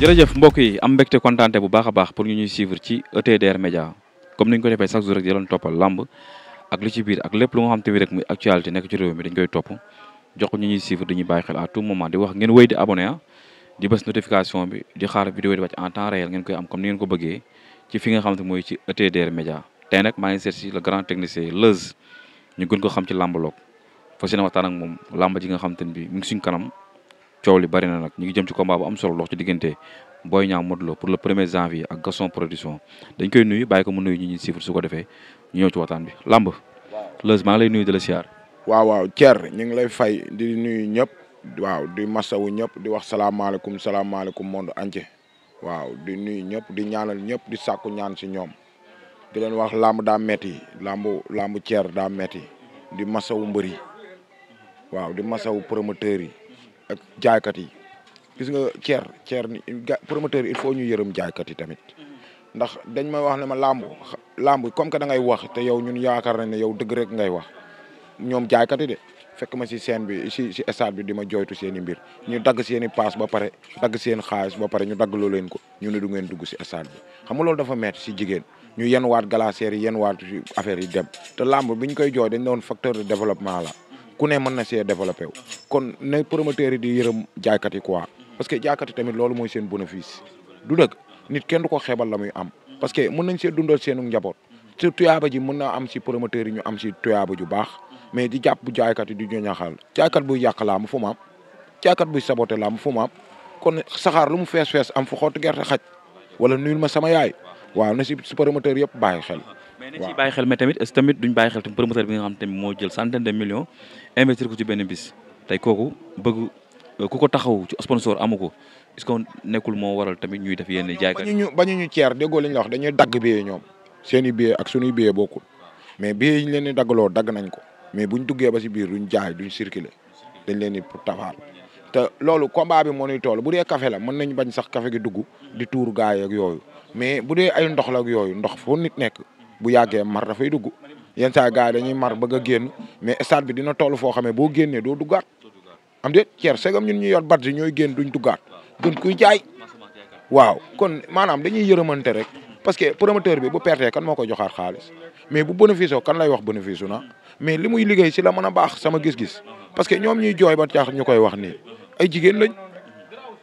jërëjëf mbokk yi am mbégte kontaante bu baax a baax pour ñu ñuy suivre ci ETDR Média comme ni ñu ko defee chaque toppal làmb ak lu ci lépp lu nga te ni rek muy actualité nekk ci réew mi dañ koy topp jox ko ñu ñuy suivre dañuy bàyyi xel à tout moment di wax ngeen wéy di abonné ah di bës notification bi di xaar vidéo di wàcc en temps réel ngeen koy am comme ni ngeen ko bëggee ci fi nga xam te mooy ci ETDR Média tey nag maa ngi seet si le grand technicien Leuz ñu gën ko xam ci làmbaloog fas yéene waxtaan ak moom làmb ji nga xam te ne bi mu suñ kanam coow li bari na nag ñu ngi jëm ci combat bu am solo lox ci diggante Boy Niang Modou pour le premier janvier a Gaston production dañ koy nuyu bàyyi ko mu nuyu ñu ñuy siifur ko defee ñu ñëw ci waxtaan bi làmb Leuz maa ngi lay nuyu di siyaar waaw waaw Thier ñu ngi lay fay di nuyu ñëpp waaw di masawu ñëpp di wax salaamaaleykum salaamaaleykum monde entier waaw di nuyu ñëpp di ñaanal ñëpp di sàkku ñaan si ñoom di leen wax làmb daa metti làmb làmb Thier daa metti di masawu mbër yi waaw di masawu promoteur yi ak eh, jaaykat yi gis nga ceer ceer ni promoteur il faut ñu yërëm jaaykat yi tamit ndax dañ ma wax ne ma làmb làmb comme que da ngay wax te yow ñun yaakaar nañ ne yow dëgg rek ngay wax ñoom jaaykat yi de fekk ma si scène bi si si stade bi di ma jooytu seen i mbir ñu dagg seen i ba pare dagg seen xaalis ba pare ñu dagg loo leen ko ñu ne du ngeen dugg si stade bi xam nga loolu dafa metti si jigéen ñu yenwaat glacière yi yenwaat affaire yi dem te làmb biñ koy jooy dañ doon facteur de développement la ku ne mën na see développé wu. kon ne promoteurs yi di yërëm jaaykat yi quoi parce que jaaykat yi tamit loolu mooy seen bénéfice du dëgg nit kenn du ko xeebal la am parce que mën nañ see dundal seenu njaboot. su tuyaaba ji mën naa am si promoteurs yi ñu am si tuyaaba ju baax mais di jàpp bu jaaykat yi di ñu ñaxal jaaykat buy yàq laa mu fu ma am jaaykat buy saboté laa mu fu mu am kon saxaar lu mu fees fees am fu xottu gerte xaj wala nuyul ma sama yaay waaw na si promoteurs yëpp bàyyi xel. mais nañ ciy bàyyi tamit tamit duñ bàyyi xel tamit promoteur bi nga xam tamit moo jël centaine de millions investir bis tey kooku bëgg ku ko taxaw ci sponsor amu ko est nekkul moo waral tamit ñuy def yenn jaay bañuñu bañuñu ceer déggoo lañ la wax dañuy dagg billet ñoom seen i billet ak suñuy billet bokkul mais bi yi ñu leen di daggaloo dagg nañ ko mais buñ duggee ba si biir duñ jaay duñ circuler dañ leen di tafaar te loolu combat bi moo nuy tool bu dee café la mën nañ bañ sax kafe gi dugg di tuur gaay ak yooyu mais bu dee ay ndox la ak yooyu ndox foo nit nekk bu yàggee mar dafay dugg yenn saa gars yi dañuy mar bëgg a génn mais stade bi dina toll foo xamee boo génnee doo duggaat am déet ceer segam ñun ñu yor bat yi ñooy génn duñ duggaat gën kuy jaay waaw kon maanaam dañuy yërëmante rek parce que promoteur bi bu pertee kan moo koy joxaat xaalis mais bu bénéfice kan lay wax bénéfice na mais li muy liggéey si la mën a baax sama gis-gis parce que ñoom ñuy jooy ba tax ñu koy wax nii ay jigéen lañ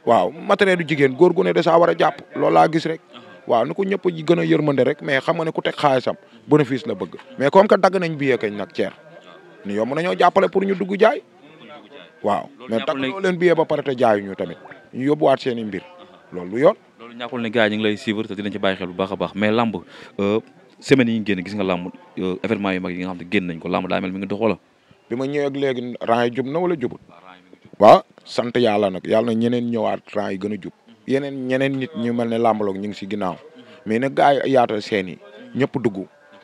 waaw matériel du jigéen góor gu ne da saa war a jàpp loolu laa gis rek waaw nu ko ñëpp ji gëna a yërmande rek mais xam nga ne ku tek xaalisam bénéfice la bëgg mais comme que dag nañ bi kañ nak ceer ni yom nañu jappalé pour ñu dugg jaay waaw mais tak lo leen biye ba paré pare jaay ñu tamit ñu yobbu yóbbuwaat seen mbir loolu lu yoon loolu ñakul ne gaay ñi ngi lay suivre te dinañ ci bàyyi xel bu baaxa baax mais lamb euh semaine yi ñu génn gis nga lamb euh événement yu mag yi nga xam ne génn nañ ko lamb da mel mi ngi doxola bima ñëw ak légui rang yi jub na wala jubut ah, waaw sante yalla nak yalla na ñeneen ñëwaat rang gëna gën jub yeneen ñeneen nit ñu mel ne làmbaloog ñu ngi si ginnaaw mais na gaa yi yaatal seen yi ñëpp dugg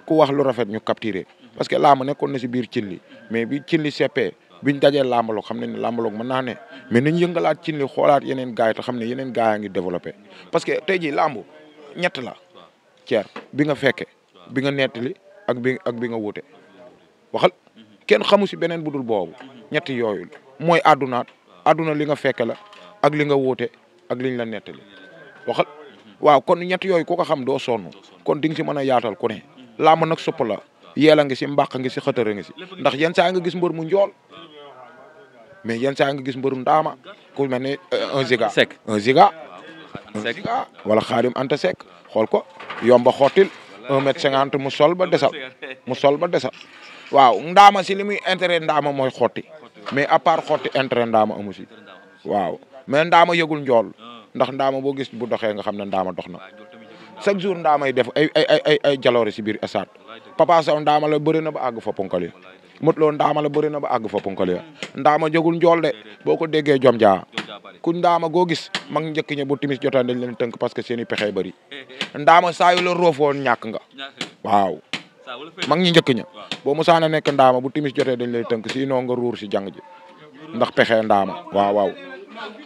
ku wax lu rafet ñu capturé parce que làmb nekkoon na si biir cin li mais bi cin seppe seppee biñ dajee làmbaloog xam ne ne làmbaloog mën naa ne mais nañ yëngalaat cin li xoolaat yeneen gaa yi ne yeneen gaa yaa ngi développé parce que tey ji làmb ñetti la ceer bi nga fekke bi nga nettali ak bi ak bi nga wuute waxal kenn xamu si beneen bu dul boobu ñetti yooyu mooy àddunaat àdduna li nga fekke la ak li nga wuute ak liñ la nettali waxal waaw kon ñett yooyu ku ko xam doo sonn kon di nga si mën a yaatal ku ne làmb nag supp la yeel a ngi si mbàq ngi si xëtër ngi si ndax yenn saa nga gis mbër mu njool mais yenn saa nga gis mbëru ndaama ku mel ne euh, un ziga un ziga un wala xaadim anta sek xool ko yomba xottil un mètre mu sol ba desa mu sol ba desa waaw ndaama si li muy intérêt ndaama mooy xotti mais à part xotti intérêt ndaama amu si mais ndaama yëgul njool ah. ndax ndaama boo gis bu doxee nga xam ne ndaama dox na chaque jour ndaamay def ay ay ay ay jaloore si biir stade Papa Sow ndaama la bëri na ba àgg fa punkali Modou Lo ndaama la bëri na ba àgg fa punkali ndaama jógul njool de boo ko déggee jom jaa ku ndaama goo gis mag njëkk ña bu timis jotaan dañ leen tënk parce que seeni i pexe bëri ndaama saa yu la roofoon ñàkk nga waaw mag ñi njëkk ña boo musaana nekk ndaama bu timis jotee dañ lay tënk si inoo nga si jàng ji ndax pexe ndaama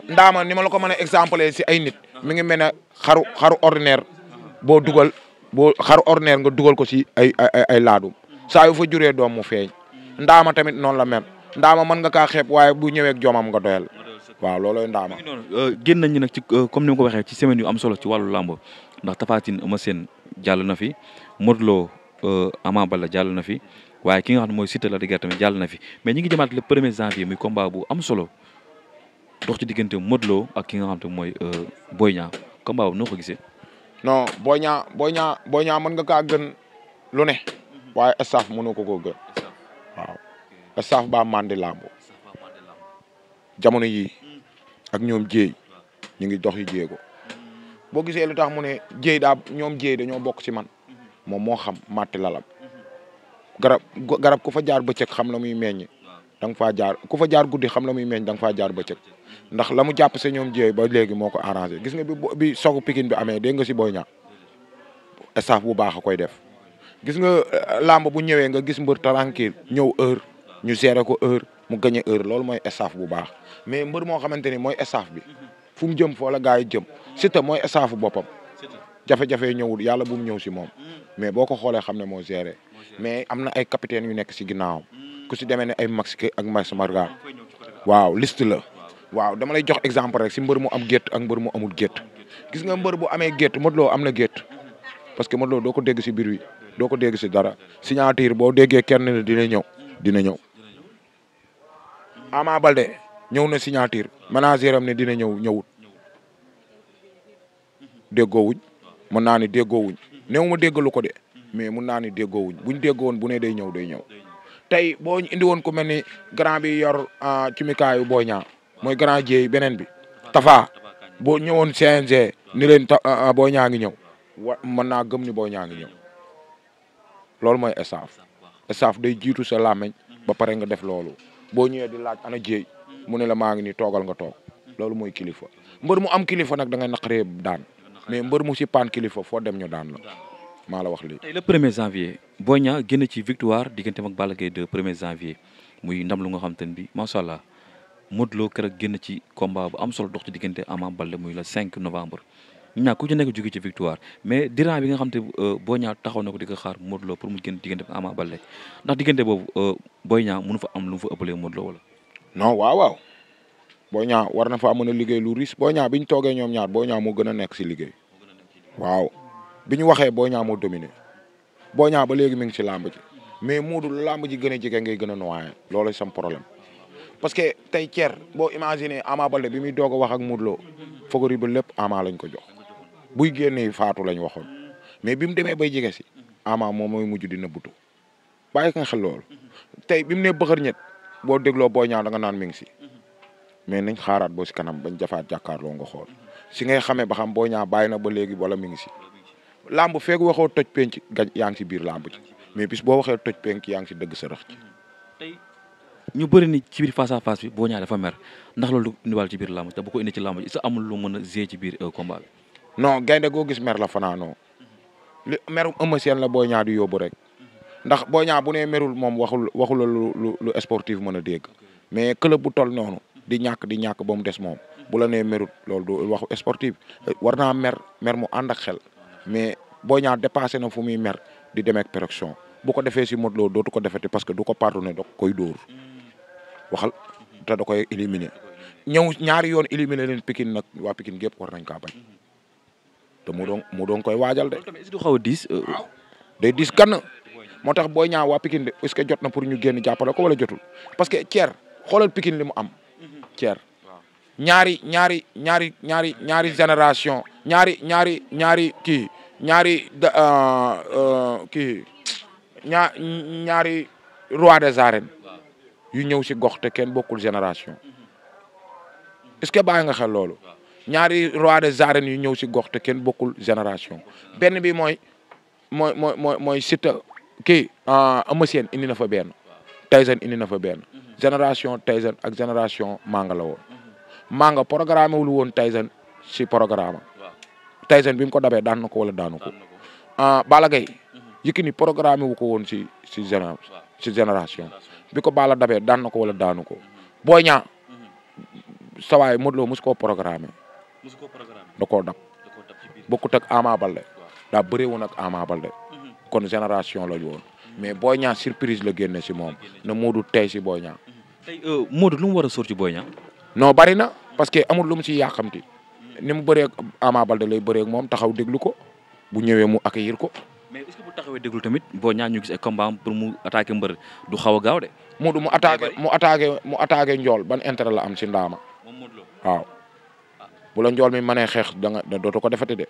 ndaama ni ma la ko mën a si ay nit mi ngi mel ne xaru xaru ordinaire boo dugal boo xaru ordinaire nga dugal ko si ay ay ay laadum saa juree doom mu feeñ ndaama tamit noonu la mel ndaama mën nga kaa xeeb waaye bu ñëwee joomam nga doyal waaw loolooy ndaama. Euh, génn nañu nag ci euh, comme ni ma ko waxee ci semaine yu am solo ci wàllu làmb ndax Tapha Tine seen Sène na fi Modou Lo euh, Ama Baldé jàll na fi waaye ki nga xam ne mooy Siteu la di tamit jàll na fi mais ñ ngi jëmaat le premier janvier muy bu am solo. dox ci diggante Modou Lo ak ki nga xam te mooy euh, Boy Niang combat boobu noo ko gisee. non Boy Niang Boy Niang man nga kaa gën lu ne waaye staff mënoo ko koo gën waaw staff baa mandi lambo ak ñoom jéey ñu ngi dox yi jéego boo gisee lu tax mu ne jéey daa ñoom jéey dañoo bokk ci man moom moo xam matti lalam garab garab fa jaar bëccëg xam la muy meññ da nga faa jaar ku fa jaar guddi xam la muy meññ da nga faa jaar bëccëg ndax la mu jàpp se ñoom jiyee ba léegi moo ko arrangé gis nga bi bi sogu pikin bi amee dégg nga si booy ña bu baax a koy def gis nga euh, làmb bu ñëwee nga gis mbër tranquille ñëw heure ñu gérer ko heure mu gañe heure loolu mooy staff bu baax mais mbër moo xamante ni mooy staff bi fu mu jëm foo la yi jëm Siteu mooy staffu boppam jafe-jafe ñëwul yàlla bu mu ñëw si moom mm. mais boo ko xoolee xam ne moo géré mais am na ay capitaine yu nekk si ginnaawam mm. ku si demee ne ay Max ak Max Marga waaw list la waaw dama lay jox exemple rek si mbër mu am gétt ak mbër mu amul gétt gis nga mbër bu amee gétt Modou Lo am na gétt parce que Modou Lo doo ko dégg si biir wi doo ko dégg si dara signature boo déggee kenn dina ñëw dina ñëw Ama Balde ñëw na signature manager am ne dina ñëw ñëwut déggoowuñ mën naa ni déggoowuñ neew ma déggalu ko de mais mun naa ni déggoowuñ buñ déggowoon bu ne day ñëw day ñëw Tay, boo indi won ku melni grand bi yor ah, ci mikaayu Boy Niang mooy grand jey benen bi Tafa bo ñewon CNG ni len ta ah, ah, Boy Niang ngi ñëw wa gëm ni Boy Niang ngi ñew lool moy esaf esaf day jitu sa lamagne ba pare nga def loolu bo ñewé di laaj ana jey mu ne la ma ngi ni togal nga tok loolu moy kilifa mbeur mu am kilifa nak da ngay dan, daan mais mbeur mu si pan kilifa fo dem ñu daan la mala wax li le 1er janvier boña Niang ci victoire digënté mak balagé de 1er janvier muy ndam lu nga xam te bi ma sha allah modlo kërak keroog ci combat bu am solo dox ci diggante Ama balé muy le 5 novembre. ñina ku ci nek jóge ci victoire mais diran bi nga xam té boña taxaw nako diga xaar modlo pour mu génn diggante Ama balé ndax digënté bobu euh, boña mënu fa am lu mu fa ëppalé modlo wala. non waaw waaw boña Niang war na faa mën a liggéey lu risque boña biñ togué ñom ñaar boña mo gëna nek ci nekk liggéey waaw. bi ñu waxee Boy Niang moo dominé Boy ba léegi mi ngi ci làmb ji mais Modou Lo làmb ji gën a jege ngay gën a noyé loolu sam problème parce que tey Thier boo imaginer Ama Baldé bi muy doog a wax ak Modou Lo favori ba lépp Ama lañ ko jox buy génnee faatu lañ waxoon mais bi mu demee bay jege si Ama moom mooy mujj dina butu bàyyi nga xel lool tey bi mu nee bëxër boo dégloo boo Niang da nga naan mi ngi si mais nañ xaaraat boo si kanam bañ jafaat jàkkaarloo nga xool si ngay xamee ba xam Boy Niang bàyyi na ba léegi wala mi ngi si. làmb feeg waxoo toj penc gañ yaa ngi si biir lamb ci mais bis boo waxee toj penc yaa ngi si dëgg sërëx ci ñu bëri ni ci biir face à bi boo ñaa fa mer ndax loolu du ci biir làmb te bu ko indi ci làmb ji sa amul lu mën a gée ci biir euh, combat bi non gaynde goo gis mer la fanaanoo li merum Eumeu la boo ñaa di yóbbu rek ndax boo ñaa bu nee merul moom waxul waxula lu lu lu sportif mën a dégg mais club bu tol noonu di ñàkk di ñàkk ba mu des moom bu la nee merut loolu du waxu sportif war naa mer mer mu ànd ak xel mais Boy Niang dépassé na fu muy mer di demee ak protection bu ko defee si Modou Lo dootu ko defete parce que du ko pardonné da koy dóor waxal te da koy éliminer ñëw ñaari yoon éliminer leen pikin nag waa Pikine gépp war nañ kaa bañ te mu doon mu doon koy waajal de. du xaw a diis. kan euh, diis gann moo tax Boy Niang waa Pikine de est-ce que jot na pour ñu génn jàppale ko wala jotul parce que Thier xoolal Pikine li mu am Thier. ñaari ñaari ñaari ñaari ñaari génération ñaari ñaari ñaari kii ñaari euh, euh, kii ñaa ñaari roi des arènes yu ñëw si gox te kenn bokkul génération est-ce que bàyyi nga xel loolu ñaari roi des arènes yu ñëw si gox te kenn bokkul génération benn bi mooy mooy mooy mooy mooy Siteu kii euh, Eumeu Sène indi na fa benn Tyson indi na fa benn génération Tyson ak génération Manga la woon Manga programme wul woon Tyson si programme tey Tyson bi mu ko dabee daan na ko wala daanu ko. ah Balla Gaye Yékini programme wu ko woon si si général si génération bi ko bala dabee daan na ko wala daanu ko Boy ñaa mhm. sawaay Modou Lo mosu koo programme mosu koo programme da koo dab bokkut ak Ama Baldé daa bëree woon ak Ama mhm. kon génération lañu woon mhm. mais Boy Niang surprise la génne si moom na Modou tey si Boy Niang tey euh, lu mu war a sóor ci Boy Niang non bari na parce que amul lu mu si yàqamti ni mu bëree Ama da lay bëree moom taxaw déglu ko bu ñëwee mu accueillir ko. mais est déglu tamit boo ñaan ñu gis ay pour mu attaquer mbër du xaw a gaaw de. mu du mu mu attaqué mu attaqué njool ban intérêt la am si ndaama. waaw. bu la njool mi mënee xeex da nga dootu ko defati de.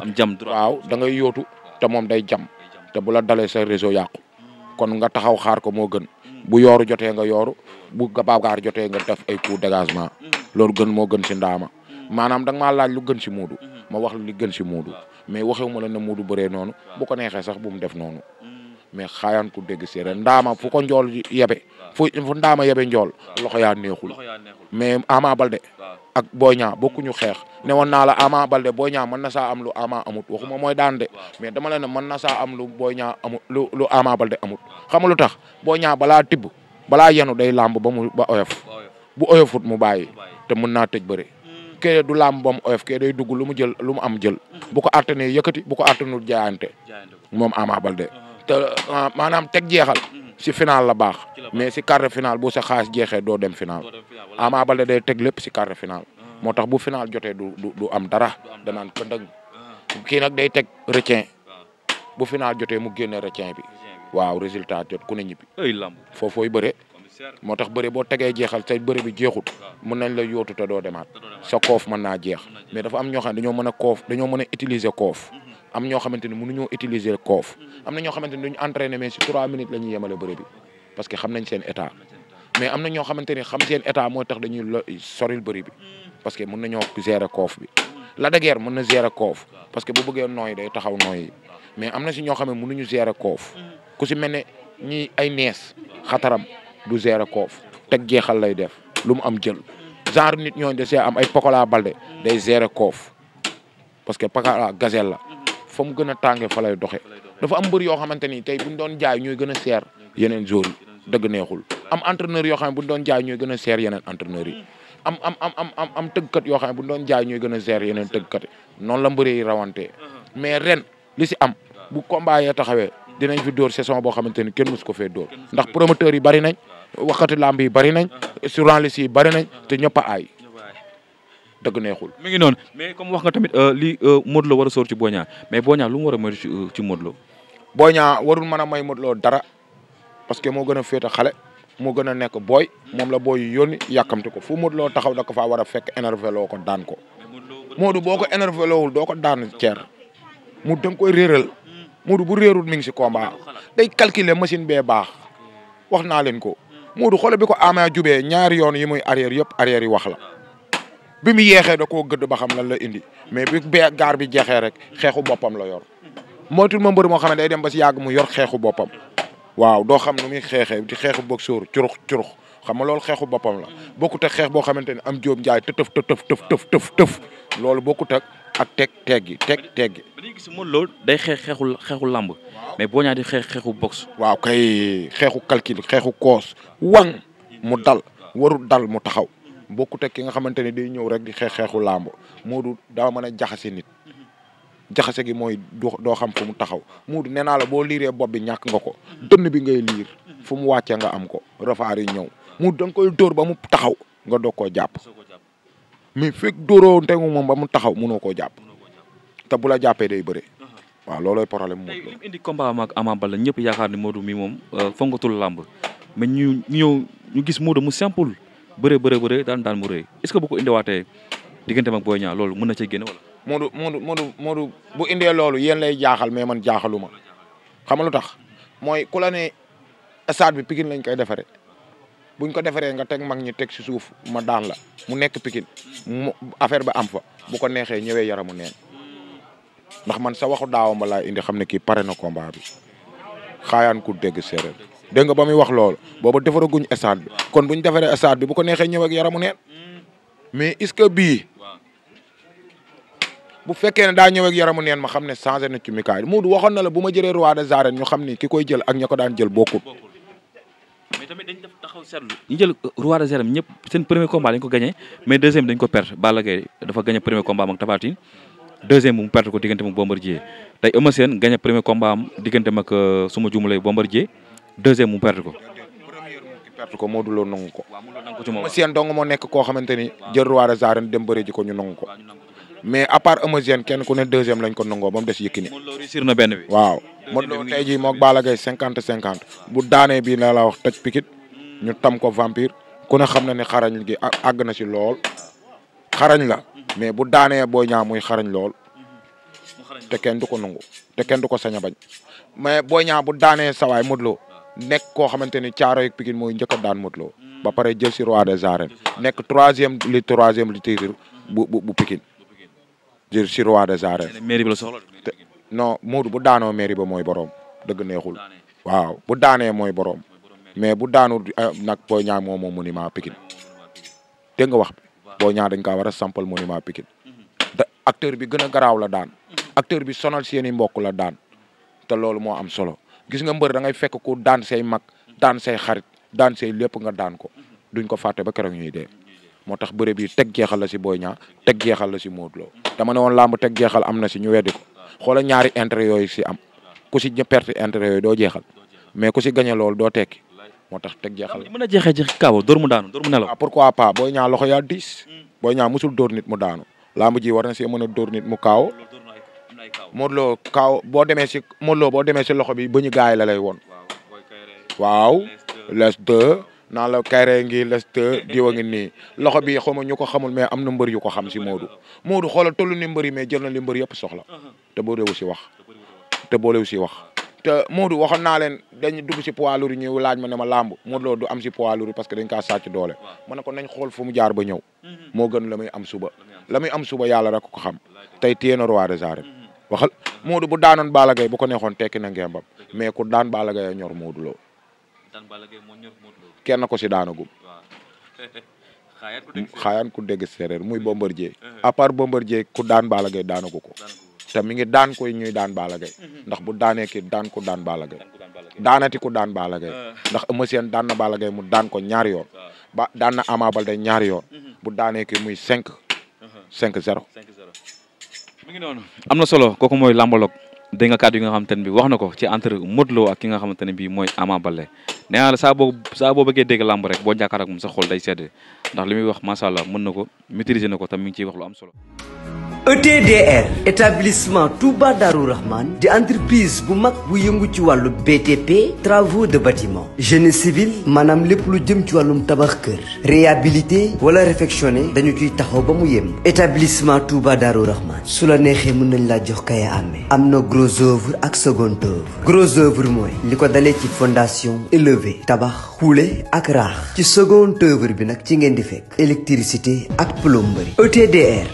am jam waaw da ngay yóotu te moom day jam te bu la dalee sa réseau yàqu. Hmm. kon nga taxaw xaar ko moo gën. Hmm. bu yooru jotee nga yooru bu ga gabaagaar jotee nga def ay coup dégagement. Hmm. loolu gën moo gën ci ndaama. manam dang ma laaj lu gën ci mhm. ma wax lu li gën ci Moodu mais waxewuma ma la ne Moodu beure noonu bu ko nexé sax bu mu def noonu mhm. mais xayan ku ci séeréer ndama fu ko njool yabe fu fu ndaama yebe loxo ya neexul mais Ama Balde ak boyña bokku ñu xex ne won na la Ama Balde boyña mana na sa am lu Ama amut waxuma moy daan de mais dama mana ne man na sa am lu boyña amut lu Ama Balde amut xam lu tax boyña bala balaa bala yanu day lamb ba mu ba oyof bu oyofut mu baye te mën na tej beure kee du laam bam oyof kee day dugg lu mu jël lu mu am jël mm-hmm. bu ko àttanee yëkkati bu ko àttanul jaayante moom Ama Baldé uh-huh. te uh, maanaam teg jeexal mm-hmm. si final la baax mais si quart de final bu sa xaas jeexee doo dem final Ama Baldé day teg lépp si quart de final uh-huh. moo tax bu final jotee du du am dara danaan pëndëng uh-huh. kii nag day teg retien bu final jotee mu génne retien bi waaw résultat jot ku ne ñibbi fooy bëre moo tax bëre boo tegee jeexal te bëre bi jeexut mën nañ la yóotu te doo demaat sa koof mën naa jeex mais dafa am ñoo xam ne dañoo mën a koof a utiliser koof mm-hmm. am ñoo xamante ni mënuñoo utiliser koof mm-hmm. am ku si mel ñi ay nees xataram du gérer koof teg jeexal lay def lu mu am jël genre nit ñooñu da see am ay Pokola Balde day gérer koof parce que Pokola gazelle la fa mu gën a tàngee fa lay doxee dafa am mbër yoo xamante ni tey buñ doon jaay ñooy gën a seer yeneen jours yi dëgg neexul am entraîneur yoo xam ne buñ doon jaay ñooy gën a seer yeneen entraîneurs yi am am am am am tëggkat yoo xam ne buñ doon jaay ñooy gën a seer yeneen tëggkat noonu la mbër yi rawante uh-huh. mais ren li si am bu combat yee taxawee dinañ fi dóor saison boo xamante ni kenn mus ko fee dóor ndax promoteur yi bari nañ waxati lamb yi bari nañ journaliste yi bari nañ te ñëpp a aay dëgg neexul. mi ngi noonu mais comme wax nga tamit euh, li euh, Modou Lo war a sóor ci Boy mais Boy Niang lu war a moytu ci euh, Modou Lo. Boy warul mën a may Modou dara parce que moo gën a féete xale moo gën a nekk booy moom la booy yu yónni ko fu Modou taxaw da ko faa war a fekk énervé ko daan ko Modou boo ko énervé wul doo ko daan ceer mu danga koy réeral. Modou bu réerut mi ngi ci combat day calculer machine bee bax wax naa leen ko Modou xoole bi ko Ama jubee ñaar yoon yi muy arrière yop arrière yi wax la bi mu yeexee da ko gëdd ba xam lan la indi mais bi be gar bi jeexee rek xeexu bopam la yor motul mo mbeur mo xamné day dem ba ci yag mu yor xeexu bopam waaw do xam nu mi xeexee ci xeexu boxeur curux curux xam nga loolu xeexu la bokkut ak xeex bo xamanteni am djom jaay teuf teuf teuf teuf teuf ak teg teggi teg teggi. ba léegi gis Modou Lo day xeex xeexu xeexu làmb. mais Boy di xeex xeexu box. waaw kay xeexu calcul xeexu koos wang mu dal warul dal mu taxaw bokkut ak ki nga xamante day ñëw rek di xeex xeexu làmb Modou daa mën a jaxase nit. jaxase gi mooy doo xam fu mu taxaw Modou nee naa la boo liiree bopp bi ñàkk nga ko dënn bi ngay liir fu mu wàccee nga am ko refaar yi ñëw Modou da nga koy dóor ba mu taxaw nga doog koo jàpp mais doro dóoroo nte mom ba mu taxaw mënoo koo japp te bula jappé day bëré wa loloy e problème mo lim indi combat am ak Ama Baldé ñëpp yaakaar ni Modou mi mom uh, fongatul lamb mais ñu ñëw ñu gis Modou mu simple bëré bëré bëré daan daan mu rëy est-ce que bu ko indi waté digënté mak boyña lolou mëna ci gënë wala. Modou Modou Modou Modou bu lolou yeen lay jaaxal mais man jaaxaluma xam nga lutax moy kula né stade bi Pikine lañ koy défaré buñ ko defaree nga ték mag ñu ték ci suuf ma daan la mu nekk pikin mu affaire ba am fa bu ko nexé ñëwé yaramu neen ndax man sa waxu daaw ma laa indi xamné ki paré pare na combat bi xaayaan ku dégg séeréer dégg nga ba muy wax bobu booba defaraguñ stade bi kon buñ defaree stade bi bu ko nexé ñëw ak yaramu neen mais est-ce que bu fekké ne ñëw ak yaramu neen ma xamné changer na ci mikaay waxon na la bu ma roi de zaren ñu xamné ki koy jël ak ñako daan jël bokku mais tamit dañ def taxaw seetlu ñu jël roi des premier combat dañ ko gagné mais deuxième dañ ko perdre Balla dafa gagné premier combat deuxième mu perdre ko diggante ak Bombardier tey Eumeu Sène gagné premier combat am diggante ak euh, suma jumlay Bombardier deuxième mu perdre ko ko modul Lo ko Eumeu Sène dong moo nekk koo xamante ni roi dem ji ko ñu ko mais à part Eumeu Sène kenn ku ne deuxième lañ ko nangoo ba mu des Yékini. Modou Lo réussir na benn bi. waaw Modou Lo tey jii moog Balla Gaye cinquante cinquante. bu daanee bii la la wax toj pikit ñu tam ko vampire ku ne xam na ni xarañ gi àgg na si lool xarañ la mais bu daanee booy ñaa muy xarañ lool te kenn du ko nangu te kenn du ko sañ a bañ mais booy ñaa bu daanee sawaay Modou Lo nekk koo xamante ni caaro yeeg Pikine mooy njëkk daan Modou Lo ba pare jël si roi des arènes nekk troisième li troisième li titre bu bu bu Pikine jër si roi des arènes. mairie bi la soxla non Modou bu daanoo mairie ba mooy borom dëgg neexul. waaw bu daanee mooy boroom mais bu daanu eh, nag Boy Niang moom moom monument Pikine dégg nga wax bi Boy Niang dañ kaa war a sampal monument Pikine mhm. acteur bi gën a garaaw la daan mhm. acteur bi sonal seen i mbokk la daan te loolu moo am solo gis nga mbër da ngay fekk ku daan say mag daan say xarit daan say lépp nga daan ko mhm. duñ ko fàtte ba keroog ñuy dee motax tax bëre bi teg jeexal la ci boyña Niang jeexal la ci modlo dama ne won lamb teg jeexal amna ci ñu wéddi ko xoola ñaari intérêt yoy ci am ku si perte intérêt yoy do jeexal mais ku ci gagné lool do tekki motax tax jeexal. mëna jeexé jeexee jeex kaaw dóor mu daanu dóor mu nelaw. Ah, pourquoi pas boyña loxo ya 10 boyña musul dóor nit mu daanu lamb ji war na ci mëna a nit mu kaaw modlo Lo bo démé ci modlo bo démé ci loxo bi bañu gaay la lay woon waaw les deux naan la kayre ngi leste diwa ngi nii loxo bi xaw ma ñu ko xamul mais am na mbër yu ko xam si Modou Modou xoolal tollu ni mbër yi mais jël na li mbër yëpp soxla uh-huh. te boolewu si wax te boolewu si wax te Modou waxoon naa leen dañ dugg si poids lourd ñu laaj ma ne ma làmb Modou Lo du am si poids lourd parce dañ kaa sàcc doole xool fu mu jaar ba ñëw uh-huh. moo la muy am suba la muy am suba yàlla rek ko xam tey téye na roi des arènes uh-huh. waxal Modou bu daanoon Balla Gaye bu ko neexoon tekki na ngembam mais ku daan Balla Gaye a ñor Modou Lo daan Balla Gaye moo ñor Modou Lo kenn ko si daanagum. waaw xaayaan mm, ku dégg séeréer muy Bombardier. Uh-huh. à part Bombardier ku daan bala Gaye daanagu ko. te mi ngi daan koy ñuy daan Balla Gaye mm-hmm. ndax bu daane kii daan ku daan Balla Gaye daanati ku daan Balla Gaye uh-huh. ndax Eumeu Sène daan na Balla Gaye mu daan ko ñaari ba daan na Ama Baldé ñaari yoon mm-hmm. bu daane kii muy cinq uh-huh. cinq zéro mi ngi am na solo kooku mooy làmbaloog dégg nga kàddu yi nga xamante ne bi wax na ko ci entre Modou a ak ki nga xamante ne mooy Ama Baldé nee naa la saa boo saa boo rek boo jàkkaar ak moom xol day sedd ndax li wax macha allah mën na ko maîtriser na ko tam mi ngi ciy wax lu am solo ETDR établissement Touba Darou Rahman de entreprises bu mag bu ci BTP travaux de bâtiment génie civil Madame lépp lu jëm ci wàllum tabax kër réhabilité wala réfectionné dañu établissement Touba Darou Rahman Sulanehe la neexee mën nañ laa jox gros œuvre ak second œuvre gros œuvre fondation élevée tabac houle ak raax ci second œuvre bi nag ci électricité ak plomberie ETDR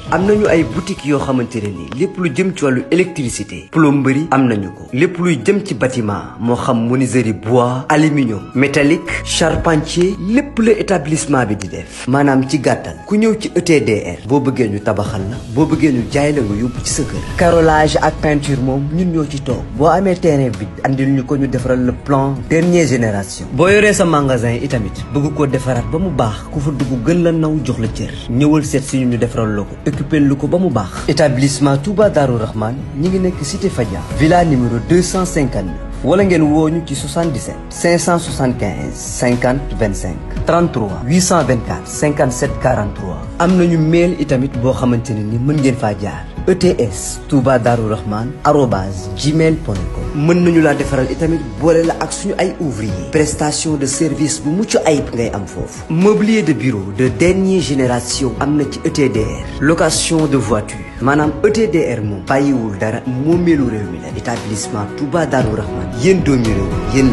boutique boutique yo xamante ne nii lu jëm ci walu électricité plomberie am nañu ko lepp luy jëm ci bâtiment mo xam menuiserie bois aluminium métallique charpentier lepp le établissement bi di def manam ci gàttal ku ñew ci ETDR bo bëggee ñu tabaxal la bo bëggee ñu jaay la nga yóbbu ci sa kër carrelage ak peinture moom ñun ñoo ci tok bo amé terrain bi andil ñu ko ñu defaral le plan dernière génération bo yoré sa magasin itamit bëgg ko defaraat ba mu baax ku fa dugg gën la naw jox la cër ñëwal seet suñu ñu defaral la occuper lu ko ba mu baax baax établissement Touba Darou Rahman ñi ngi nekk cité Fadia villa numéro 259 wala ngeen wooñu ci 77 575 50 25 33 824 57 43 am nañu mail itamit boo xamante ne ni mën ngeen faa jaar ETS Touba Darou Rahman arobase gmail.com mën nañu LA defaral itamit la ak suñu ay ouvrier prestation de service bu muccu ayib ngay am mobilier de bureau de dernière génération amna ETDR location de voiture MANAM ETDR Payou, bayiwul dara moomeelu rew mi la établissement Touba Darou Rahman yeen